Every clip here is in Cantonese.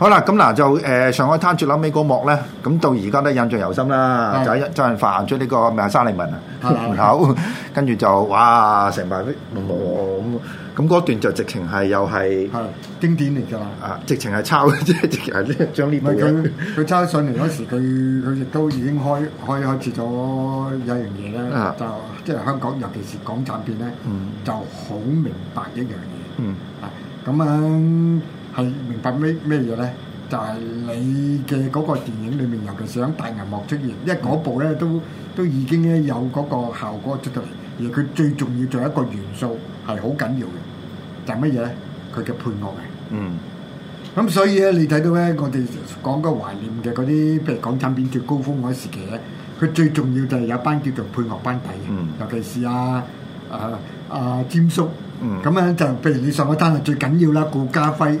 好啦，咁嗱就誒上海灘最撚尾嗰幕咧，咁到而家都印象猶深啦。就周潤發行出呢個咩沙利文啊，門口跟住就哇成排的模模咁，咁嗰段就直情係又係經典嚟㗎。啊，直情係抄即係直情係將呢個。唔係佢佢抄上嚟嗰時，佢佢亦都已經開開開始咗有樣嘢咧，就即係香港尤其是港產片咧，就好明白一樣嘢。嗯，啊咁樣。係明白咩咩嘢咧？就係你嘅嗰個電影裏面，尤其是響大銀幕出現，因為嗰部咧都都已經咧有嗰個效果出到嚟，而佢最重要就係一個元素係好緊要嘅，就係乜嘢？佢嘅配樂嘅。嗯。咁所以咧，你睇到咧，我哋講個懷念嘅嗰啲，譬如港產片最高峰嗰時期，佢最重要就係有班叫做配樂班底嘅，尤其是啊啊阿詹叔。嗯。咁樣就譬如你上嗰單係，最緊要啦，顧嘉輝。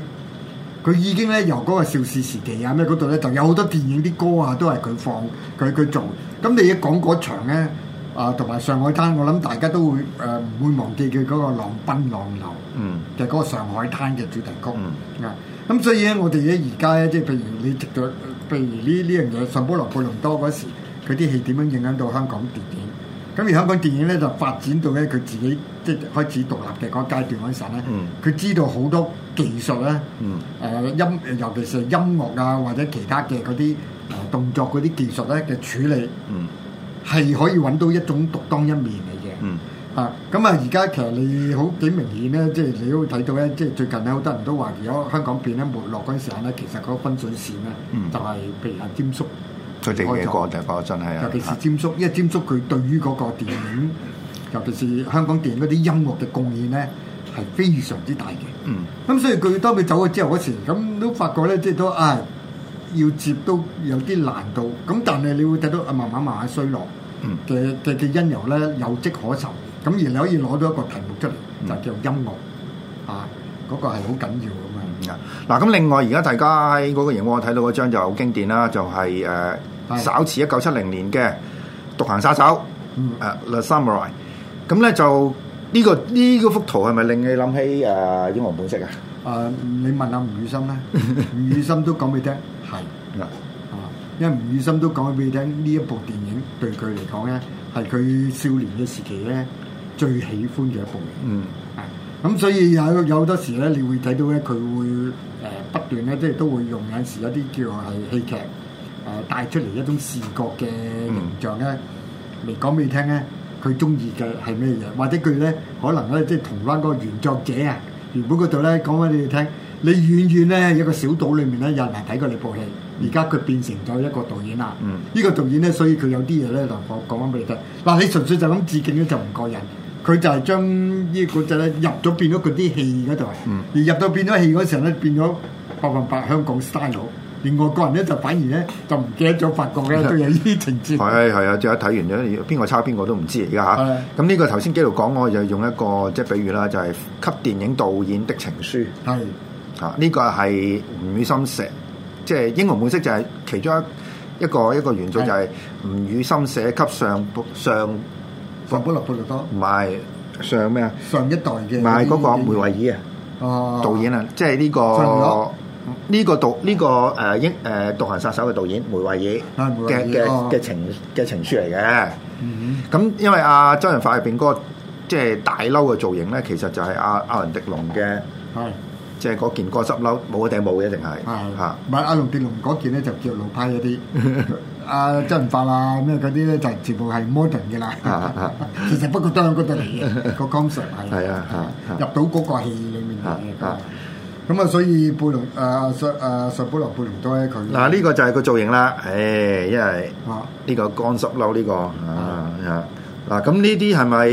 佢已經咧由嗰、那個邵氏時期啊咩嗰度咧就有好多電影啲歌啊都係佢放佢佢做，咁你一講嗰場咧啊同埋上海灘，我諗大家都會誒唔、呃、會忘記佢嗰、那個浪奔浪流，嗯，就係嗰個上海灘嘅主題曲，嗯，啊、嗯，咁、嗯、所以咧我哋而家咧即係譬如你直到，譬如呢呢樣嘢《尚保羅貝蒙多》嗰時，佢啲戲點樣影響到香港電影？咁而香港電影咧就發展到咧佢自己即係開始獨立嘅嗰階段嗰陣咧，佢、嗯、知道好多技術咧，誒音、嗯呃、尤其是音樂啊或者其他嘅嗰啲動作嗰啲技術咧嘅處理，係、嗯、可以揾到一種獨當一面嚟嘅。嗯、啊，咁啊而家其實你好幾明顯咧，即係你都睇到咧，即係最近咧好多人都話，如果香港片咧沒落嗰陣時咧，其實嗰分水線咧、嗯、就係譬如係兼縮。佢哋幾個地方真係啊，尤其是詹叔，因為詹叔佢對於嗰個電影， 尤其是香港電影嗰啲音樂嘅貢獻咧，係非常之大嘅。嗯，咁所以佢當佢走咗之後嗰時，咁都發覺咧，即係都唉、哎、要接都有啲難度。咁但係你會睇到啊，慢慢慢慢衰落嘅嘅嘅因由咧有跡可尋。咁而你可以攞到一個題目出嚟，就叫音樂、嗯、啊，嗰、嗰個係好緊要。嗱咁，另外而家大家喺嗰個熒幕我睇到嗰張就好經典啦，就係誒首次一九七零年嘅獨行殺手誒《The Samurai》。咁咧就呢個呢個幅圖係咪令你諗起誒《英雄本色》啊？誒，你問下吳宇森啦，吳宇森都講俾你聽，係啊，因為吳宇森都講俾你聽，呢一部電影對佢嚟講咧，係佢少年嘅時期咧，最喜歡嘅一部。嗯。咁所以有有好多時咧，你會睇到咧，佢會誒不、呃、斷咧，即係都會用有時一啲叫係戲劇誒、呃、帶出嚟一種視覺嘅形象咧嚟講俾你聽咧，佢中意嘅係咩嘢？或者佢咧可能咧即係同翻嗰個原作者啊，原本嗰度咧講翻俾你哋聽，你遠遠咧一個小島裏面咧有人係睇過你部戲，而家佢變成咗一個導演啦。呢、嗯、個導演咧，所以佢有啲嘢咧就講講翻俾你聽。嗱、呃，你純粹就咁致敬咧，就唔過癮。佢就係將呢、這個就咧入咗變咗佢啲戲嗰度，嗯、而入到變咗戲嗰時候咧變咗百分百香港 style，連外國人咧就反而咧就唔記得咗法國咧都有呢啲情節。係係的啊，即係睇完咗邊個抄邊個都唔知而家，嚇。咁呢個頭先幾度講，我就用一個即係、就是、比喻啦，就係、是、給電影導演的情書。係的啊，呢、這個係吳宇森寫，即係英雄本色就係其中一個一個一個元素，就係吳宇森寫給尚尚。本落魄》不多唔係上咩啊？上一代嘅唔係嗰個梅維爾、哦、啊，導演啊，即係呢個呢個導呢、呢個誒英誒獨行殺手嘅導演梅維爾嘅嘅嘅情嘅情書嚟嘅。咁、嗯、哼因為阿、啊、周潤發入邊嗰個即係大嬲嘅造型咧，其實就係阿、啊、阿倫迪，迪龍嘅。的即係嗰件乾濕褸冇定冇嘅一定係？係嚇，唔係阿龍電龍嗰件咧就叫老派嗰啲，阿周潤發啊咩嗰啲咧就全部係 modern 嘅啦。其實不過都係嗰度嚟嘅，個 concept 係。係啊，入到嗰個戲裡面嘅。咁啊，所以貝龍誒誒誒，尚保羅貝蒙多啲佢。嗱呢個就係個造型啦，誒，因為呢個乾濕褸呢個啊，嗱咁呢啲係咪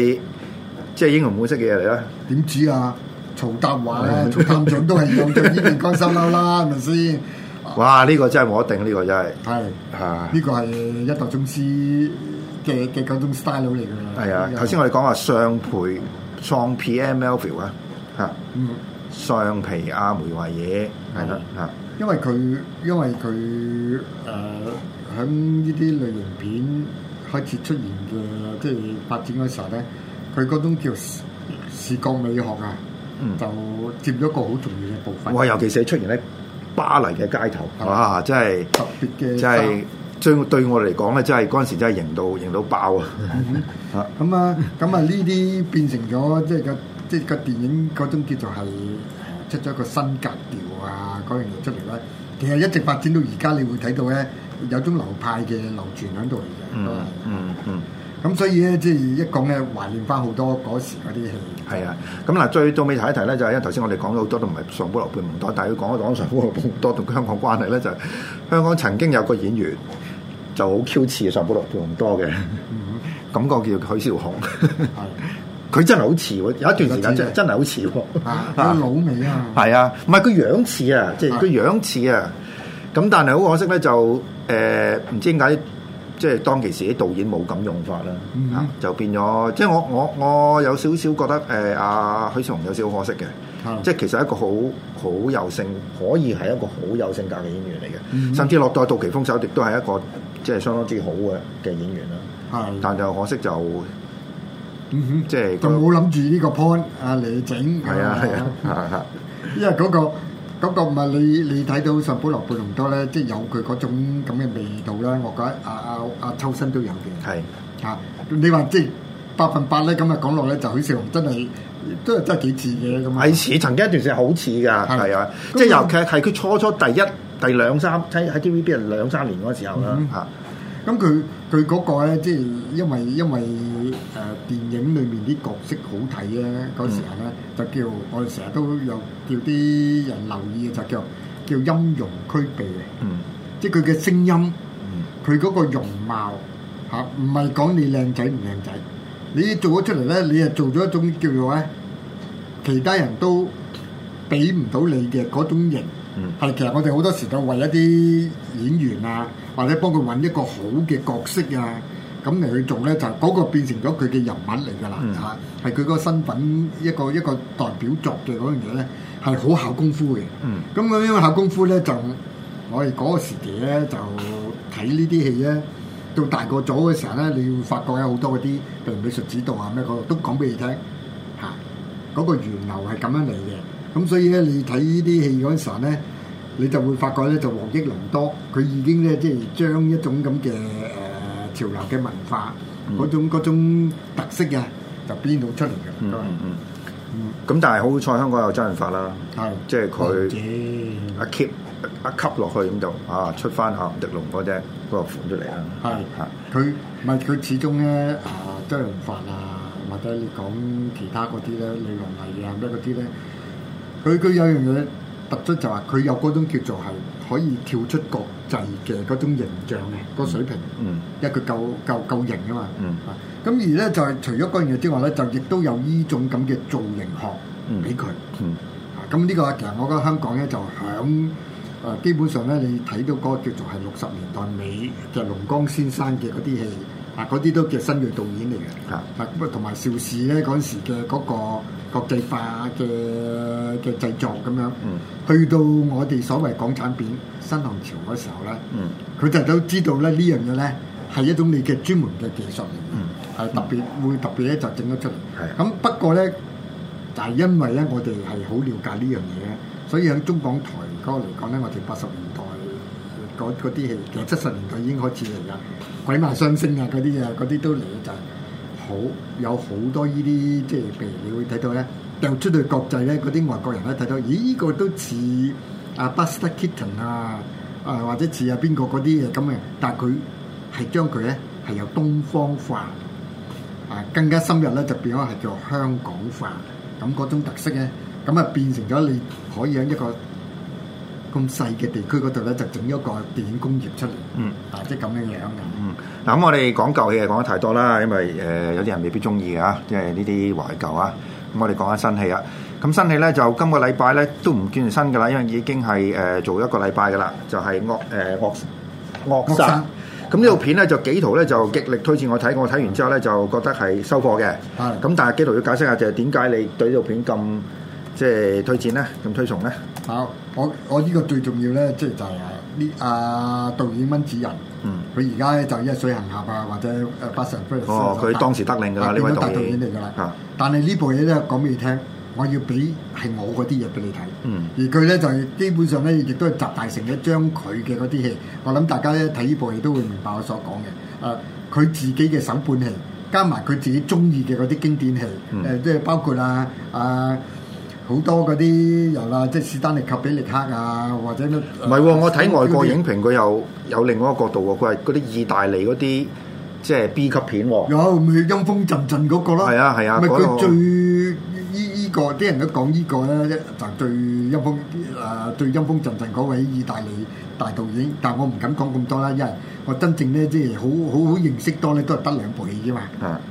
即係英雄本色嘅嘢嚟咧？點知啊？曹達華 曹探長都係有咗呢種乾濕褸啦，係咪先？哇！呢、這個真係冇得頂，呢、這個真係係的啊！呢個係一代宗師嘅嘅嗰種 style 嚟㗎。係的啊！頭先我哋講話橡皮創 PML feel 啊嚇，嗯，橡皮阿梅華嘢係咯嚇。因為佢因為佢誒喺呢啲類型片開始出現嘅，即係發展嗰時候咧，佢嗰種叫視覺美學啊。就佔咗一個好重要嘅部分。哇！尤其是出現喺巴黎嘅街頭，的哇！真係特別嘅，真係對對我嚟講咧，真係嗰陣時真係型到型到爆啊！嚇咁啊！咁啊！呢啲變成咗即係個即係個電影嗰種叫做係出咗一個新格調啊！嗰樣嘢出嚟啦。其實一直發展到而家，你會睇到咧，有種流派嘅流傳喺度嚟嘅。嗯嗯嗯。 嗯嗯嗯。咁所以咧，即係一講咧，懷念翻好多嗰時嗰啲戲。係啊，咁嗱，最到尾提一提咧，就係因為頭先我哋講咗好多都唔係尚保羅貝蒙多，但係佢講一講尚保羅貝蒙多同香港關係咧，就係、是、香港曾經有個演員就好 Q 似尚保羅貝蒙多嘅，感覺、嗯、哼叫許紹雄。佢 真係好似喎，有一段時間真係真係好似喎。啊，老味啊！係啊，唔係佢樣似啊，即係佢樣似啊。咁但係好可惜咧，就誒唔知點解。即係當其時啲導演冇咁用法啦，嚇就變咗。即係我我我有少少覺得誒阿許崇有少少可惜嘅，即係其實一個好好有性可以係一個好有性格嘅演員嚟嘅，甚至落袋到杜琪峰手亦都係一個即係相當之好嘅嘅演員啦。但就可惜就，即係就冇諗住呢個 point 啊，嚟整係啊，係啊，因為嗰個。咁個唔係你你睇到上尚保羅·貝蒙多咧，即係有佢嗰種咁嘅味道啦。我覺得阿阿阿秋生都有嘅。係是啊，你話即係百分八咧，咁啊講落咧，就好似真係都係真係幾似嘅咁啊。似曾經一段時間好似㗎，係啊的，的即係由尤其係佢初初第一、第兩三喺喺 TVB 兩三年嗰時候啦嚇。嗯咁佢佢嗰個咧，即係因為因為誒、呃、電影裏面啲角色好睇咧、啊，嗰時候咧、嗯、就叫我哋成日都有叫啲人留意，就叫叫陰陽俱備音容俱備嘅，嗯、即係佢嘅聲音，佢嗰、嗯、個容貌嚇，唔係講你靚仔唔靚仔，你做咗出嚟咧，你係做咗一種叫做咧，其他人都。俾唔到你嘅嗰種型，係、嗯、其實我哋好多時都為一啲演員啊，或者幫佢搵一個好嘅角色啊，咁嚟去做咧，就嗰個變成咗佢嘅人物嚟㗎啦嚇，係佢個身份一個一個代表作嘅嗰樣嘢咧，係好考功夫嘅。咁我、嗯、因為考功夫咧，就我哋嗰個時期咧，就睇呢啲戲咧，到大個咗嘅時候咧，你會發覺有好多嗰啲，譬如美術指導啊咩嗰個都講俾你聽嚇，嗰、嗰個源流係咁樣嚟嘅。咁所以咧，你睇呢啲戲嗰陣時咧，你就會發覺咧就獲益良多。佢已經咧即係將一種咁嘅誒潮流嘅文化嗰種嗰種特色嘅就編到出嚟嘅。嗯嗯咁但係好彩，香港有周潤發啦，係即係佢一吸一吸落去咁就啊出翻阿狄龍嗰隻嗰個款出嚟啦。係啊，佢咪佢始終咧啊，周潤發啊，或者你講其他嗰啲咧，李龍華嘅咩嗰啲咧。佢佢有樣嘢突出就係佢有嗰種叫做係可以跳出國際嘅嗰種形象嘅個水平，因為佢、嗯嗯、夠夠夠型吖嘛，嗯、啊！咁而咧就係除咗嗰樣嘢之外咧，就亦都有呢種咁嘅造型學俾佢，嗯嗯、啊！咁呢個其實我覺得香港咧就響誒、呃、基本上咧你睇到嗰個叫做係六十年代尾就係龍剛先生嘅嗰啲戲，啊嗰啲都叫新嘅導演嚟嘅，嗯、啊咁啊同埋邵氏咧嗰時嘅嗰、嗰個。嗰個國際化嘅嘅製作咁樣，嗯、去到我哋所謂港產片新浪潮嗰時候咧，佢就、嗯、都知道咧呢樣嘢咧係一種你嘅專門嘅技術，係、嗯、特別、嗯、會特別咧就整得出嚟。咁、嗯、不過咧，就係、是、因為咧我哋係好了解呢樣嘢，所以喺中港台嗰嚟講咧，我哋八十年代嗰啲戲，其實七十年代已經開始嚟嘅，鬼馬相星啊嗰啲嘢，嗰啲都嚟得好有好多呢啲即係譬如你會睇到咧，掉出去國際咧，嗰啲外國人咧睇到，咦？呢個都似啊，Buster Keaton 啊，啊、呃、或者似啊邊個嗰啲嘢咁嘅，但係佢係將佢咧係由東方化啊，更加深入咧就變咗係叫香港化，咁嗰種特色咧，咁啊變成咗你可以喺一個。咁細嘅地區嗰度咧，就整一個電影工業出嚟。嗯，啊，即係咁樣樣樣。嗯，嗱，咁我哋講舊嘢，講得太多啦，因為誒有啲人未必中意嘅，吓，即係呢啲懷舊啊。咁我哋講下新戲啊。咁新戲咧就今個禮拜咧都唔見新嘅啦，因為已經係誒做一個禮拜嘅啦，就係惡誒惡惡煞。咁呢套片咧就紀陶咧就極力推薦我睇，我睇完之後咧就覺得係收貨嘅。係。咁但係紀陶要解釋下，就係點解你對呢套片咁即係推薦咧，咁推崇咧？好。我我呢個最重要咧，即係就係呢啊，啊導演溫子仁，嗯，佢而家咧就依一水行俠啊，或者誒八神，哦，佢當時得令㗎呢位大導演嚟㗎啦，但係呢部嘢咧講俾你聽，我要俾係我嗰啲嘢俾你睇，嗯，而佢咧就係基本上咧亦都係集大成一將佢嘅嗰啲戲，我諗大家咧睇呢部戲都會明白我所講嘅，誒，佢自己嘅首本戲，加埋佢自己中意嘅嗰啲經典戲，誒，即係包括啊啊。好多嗰啲人啊，即係史丹利及比力克啊，或者咩？唔係喎，我睇外國影評佢些有有另外一個角度喎，佢係嗰啲意大利嗰啲即係 B 級片喎。有咪陰、就是、風陣陣嗰、嗰個啦？係啊係啊，咪佢、啊、最。呢、呢個啲人都講呢、呢個咧，就最陰風誒，最陰風、呃、風陣陣嗰位意大利大導演。但係我唔敢講咁多啦，因為我真正咧即係好好好認識多咧，都係得兩部戲啫嘛。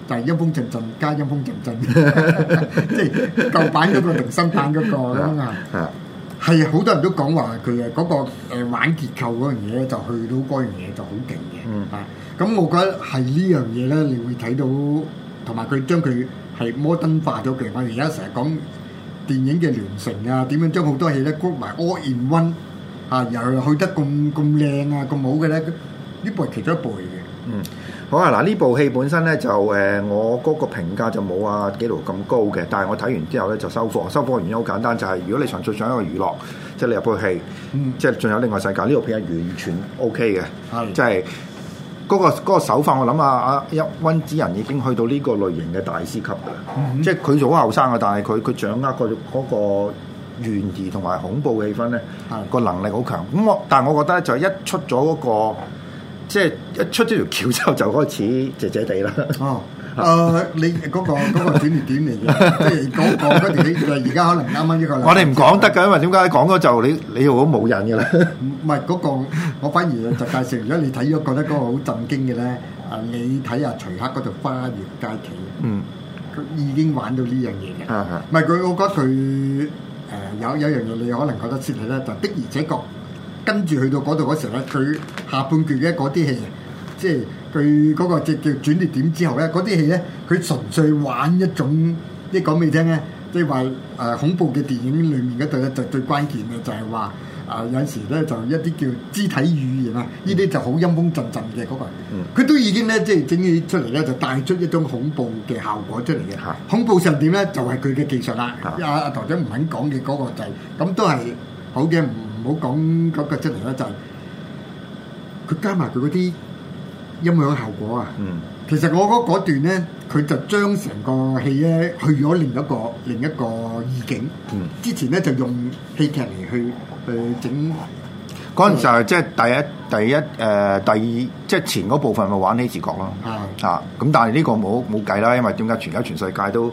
但係陰風陣陣加陰風陣陣，陣陣 即係舊版嗰個同新版嗰個啊，係好是多人都講話佢啊嗰個、呃、玩結構嗰樣嘢就去到嗰樣嘢就好勁嘅。嗯、啊，咁我覺得係呢樣嘢咧，你會睇到同埋佢將佢。係摩登化咗嘅，我哋而家成日講電影嘅聯乘啊，點樣將好多戲咧 group 埋 all in one 啊，又去得咁咁靚啊，咁好嘅咧？呢部係其中一部嘅。嗯，好啊，嗱呢部戲本身咧就誒、呃，我嗰個評價就冇啊紀陶咁高嘅，但係我睇完之後咧就收貨，收貨嘅原因好簡單，就係、是、如果你純粹想娛樂、就是、一個娛樂，即係你入部戲，嗯、即係仲有另外世界呢部片係完全 OK 嘅，即係。嗰、嗰個嗰個手法，我諗啊啊一温子仁已經去到呢個類型嘅大師級嘅啦，嗯嗯、即係佢做好後生啊，但係佢佢掌握個嗰個懸疑同埋恐怖嘅氣氛咧，個、嗯、能力好強。咁我但係我覺得咧，就一出咗嗰、嗰個，即係一出咗條橋之後，就開始姐姐地啦。嗯 誒、 呃，你嗰、嗰個嗰、嗰個短短嚟嘅？即講嗰啲，但係而家可能啱啱呢個。 我哋唔講得嘅，因為點解講咗就你你又好冇癮嘅咧？唔係嗰個，我反而就介紹如果你睇咗，覺得嗰個好震驚嘅咧。啊，你睇下、啊、徐克嗰套《花月佳期》，嗯，佢已經玩到呢樣嘢嘅。唔係佢，我覺得佢誒、呃、有有一樣嘢，你可能覺得似睇咧，就係、的而且確跟住去到嗰度嗰時咧，佢下半段嘅嗰啲戲。即係佢嗰個叫轉捩點之後咧，嗰啲戲咧，佢純粹玩一種，即係講俾你聽咧，即係話誒恐怖嘅電影裏面嗰度咧就最關鍵嘅就係話，啊、呃、有時咧就一啲叫肢體語言啊，呢啲、嗯、就好陰風陣陣嘅嗰、那個，佢、嗯、都已經咧即係整起出嚟咧，就帶出一種恐怖嘅效果出嚟嘅。嗯、恐怖上點咧，就係佢嘅技術啦。阿阿頭先唔肯講嘅嗰個就咁、是、都係好嘅，唔好講嗰個出嚟啦就係、是、佢、就是、加埋佢嗰啲。音響效果啊，其實我嗰段咧，佢就將成個戲咧去咗另一個另一個意境。嗯、之前咧就用戲劇嚟去誒整。嗰陣就係即係第一第一誒第二，即係前嗰部分咪玩呢字角咯。的啊咁但係呢個冇冇計啦，因為點解全家全世界都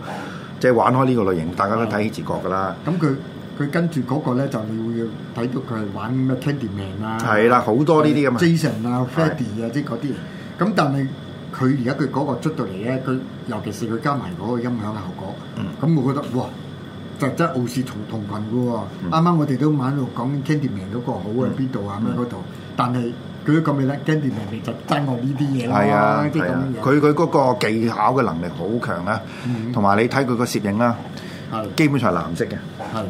即係玩開呢個類型，大家都睇起字角噶啦。咁佢佢跟住嗰個咧就會睇到佢係玩咩 Candyman 啦、啊，係啦，好多呢啲咁啊。Jason 啊 Freddy 啊，即係嗰啲。咁但係佢而家佢嗰個出到嚟咧，佢尤其是佢加埋嗰個音響嘅效果，咁我覺得哇，就真係傲視同同群嘅喎。啱啱我哋都喺度講 Candyman 嗰個好喺邊度啊咩嗰度，但係佢都咁叻，Candyman 就真係呢啲嘢啦。係啊，係啊，佢佢嗰個技巧嘅能力好強啊，同埋你睇佢個攝影啦，基本上係藍色嘅，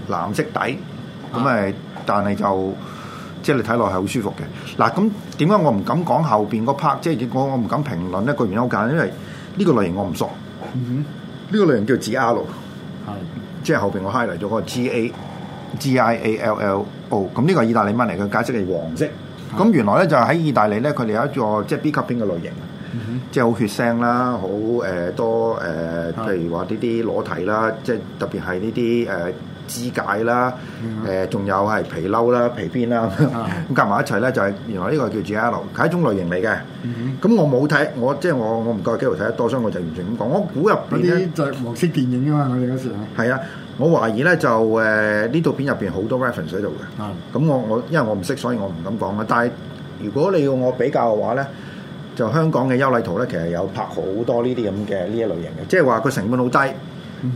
藍色底咁誒，但係就。即係你睇落係好舒服嘅，嗱咁點解我唔敢講後邊個 part？即係我我唔敢評論一個原因好簡單，因為呢個類型我唔熟。呢、mm hmm. 個類型叫 GRL，、mm hmm. 即係後邊我 high 嚟咗個 g a g i a l l 哦，咁呢個係意大利文嚟嘅，解釋係黃色。咁、mm hmm. 原來咧就喺、是、意大利咧，佢哋有一座即係、就是、B 級片嘅類型，mm hmm. 即係好血腥啦，好誒、呃、多誒，譬、呃、如話呢啲裸體啦，即係特別係呢啲誒。呃肢解啦，誒、呃，仲有係皮褸啦、皮鞭啦咁樣，夾 埋一齊咧就係、是、原來呢個叫 Giallo，係一種類型嚟嘅。咁、mm hmm. 我冇睇，我即係我我唔介意幾睇得多，所以我就完全咁講。我估入邊咧就黃色電影啊嘛，我哋嗰時係啊，我懷疑咧就誒呢套片入邊好多 reference 喺度嘅。咁 我我因為我唔識，所以我唔敢講啊。但係如果你要我比較嘅話咧，就香港嘅優麗圖咧，其實有拍好多呢啲咁嘅呢一類型嘅，即係話佢成本好低。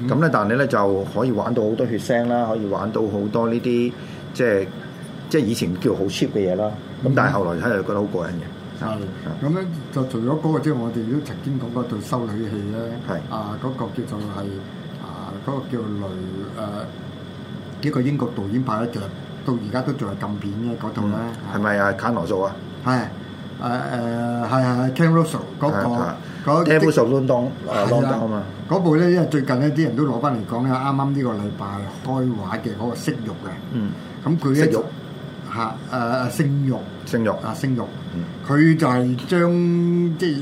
咁咧，嗯、但你咧就可以玩到好多血腥啦，可以玩到好多呢啲即係即係以前叫好 cheap 嘅嘢啦。咁、嗯、哼但係後來睇嚟覺得好過癮嘅。係，咁咧就除咗嗰、那個之外，我哋都曾經講過對修女嘅戲咧。係。啊，嗰個叫做係啊，嗰個叫雷誒一、啊、個英國導演拍嘅劇，到而家都仲係禁片嘅嗰套咧。係咪啊？卡羅素啊？係。誒誒係係係，Ken Russell 嗰個，Ken Russell 亂檔，亂檔啊嘛！嗰部咧，因為最近呢啲人都攞翻嚟講咧，啱啱呢個禮拜開畫嘅嗰個色慾啊！嗯，咁佢咧，嚇誒誒性慾，性慾，啊性慾，佢就係將啲。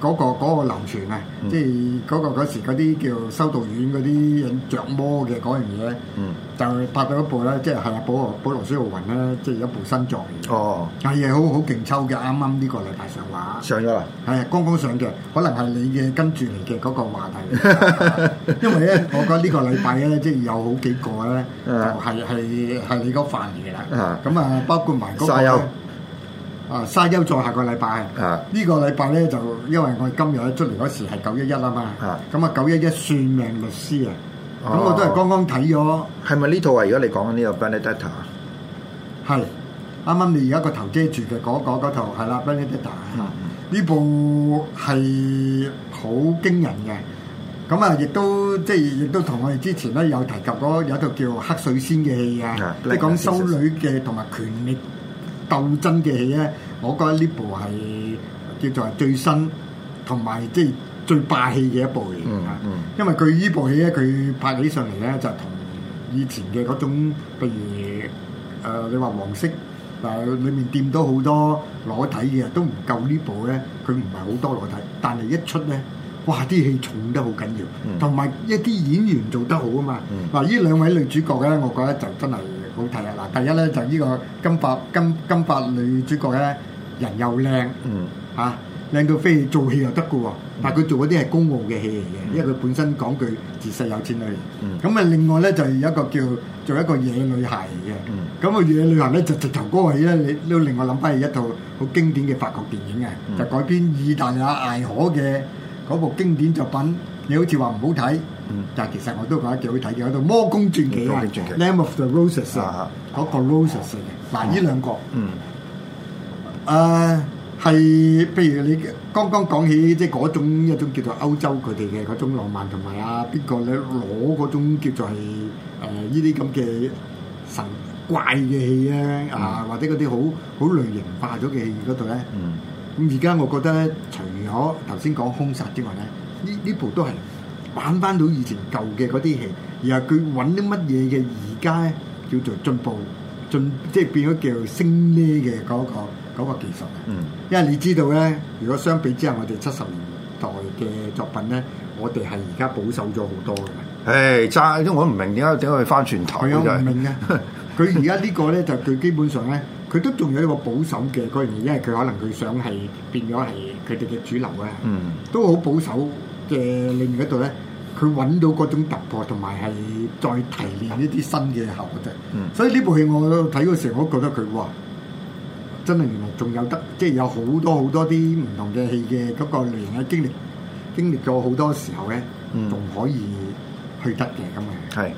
嗰個嗰個流傳啊，嗯、即係嗰個時嗰啲叫修道院嗰啲人着魔嘅嗰樣嘢、嗯，就拍咗一部咧，即係係啊保羅保羅斯奧雲咧，即、就、係、是、一部新作哦，係啊，好好勁抽嘅，啱啱呢個禮拜上畫。上咗啦，係啊，剛剛上嘅，可能係你嘅跟住嚟嘅嗰個話題 因為咧，我覺得呢個禮拜咧，即、就、係、是、有好幾個咧、就是，就係係係你嗰範嚟嘅啦。咁啊、嗯嗯，包括埋嗰個啊，沙丘再下個禮拜。Uh, 個禮拜呢個禮拜咧就因為我哋今日喺出嚟嗰時係九一一啊嘛。咁啊，九一一算命律師啊，咁我都係剛剛睇咗。係咪呢套啊？而家你講緊呢個《Benedetta》啊？係。啱啱你而家個頭遮住嘅嗰嗰套係啦，《Benedetta》。呢部係好驚人嘅。咁啊，亦都即係亦都同我哋之前咧有提及過有一套叫《黑水仙》嘅戲啊，即係講修女嘅同埋權力。鬥爭嘅戲咧，我覺得呢部係叫做係最新同埋即係最霸氣嘅一部嚟㗎，嗯嗯、因為佢呢部戲咧，佢拍起上嚟咧就係、是、同以前嘅嗰種，譬如誒、呃、你話黃色嗱，裏、呃、面掂到好多裸體嘅都唔夠呢部咧，佢唔係好多裸體，但係一出咧，哇，啲戲重得好緊要，同埋、嗯、一啲演員做得好啊嘛，嗱呢、嗯嗯、兩位女主角咧，我覺得就真係。好睇啊！嗱，第一咧就呢、是、個金髮金金髮女主角咧，人又靚，嗯，嚇靚、啊、到飛，做戲又得嘅喎。但係佢做嗰啲係公務嘅戲嚟嘅，嗯、因為佢本身講句自細有錢女，嗯，咁啊另外咧就有一個叫做一個野女孩嘅，嗯，咁啊野女孩咧就直頭歌戲啦，你都令我諗翻起一套好經典嘅法國電影啊，嗯、就改編意大利亞艾可嘅嗰部經典作品，你好似話唔好睇。嗯，但係其實我都覺得幾好睇嘅，嗰套《魔宮傳奇》《Name of the Roses》嗰個《Roses》嘅，嗱呢兩個，嗯，誒係，譬如你剛剛講起即係嗰種一種叫做歐洲佢哋嘅嗰種浪漫，同埋啊邊個咧攞嗰種叫做係誒呢啲咁嘅神怪嘅戲咧啊，或者嗰啲好好類型化咗嘅戲嗰度咧，嗯，咁而家我覺得除咗頭先講兇殺之外咧，呢呢部都係。玩翻到以前舊嘅嗰啲戲，然後佢揾啲乜嘢嘅而家咧叫做進步，進即係變咗叫做升呢嘅嗰個嗰個技術。嗯，因為你知道咧，如果相比之下，我哋七十年代嘅作品咧，我哋係而家保守咗好多嘅。誒，爭，因為我唔明點解點解佢翻傳統。我有唔明嘅。佢而家呢個咧就佢基本上咧，佢都仲有呢個保守嘅概念，因為佢可能佢想係變咗係佢哋嘅主流啊。嗯，都好保守嘅另一度咧。佢揾到嗰種突破同埋係再提煉一啲新嘅效果。啫、嗯，所以呢部戲我睇嘅時候，我都覺得佢哇，真係原來仲有得，即係有好多好多啲唔同嘅戲嘅嗰個類型嘅經歷，經歷咗好多時候咧，仲、嗯、可以去得嘅咁樣。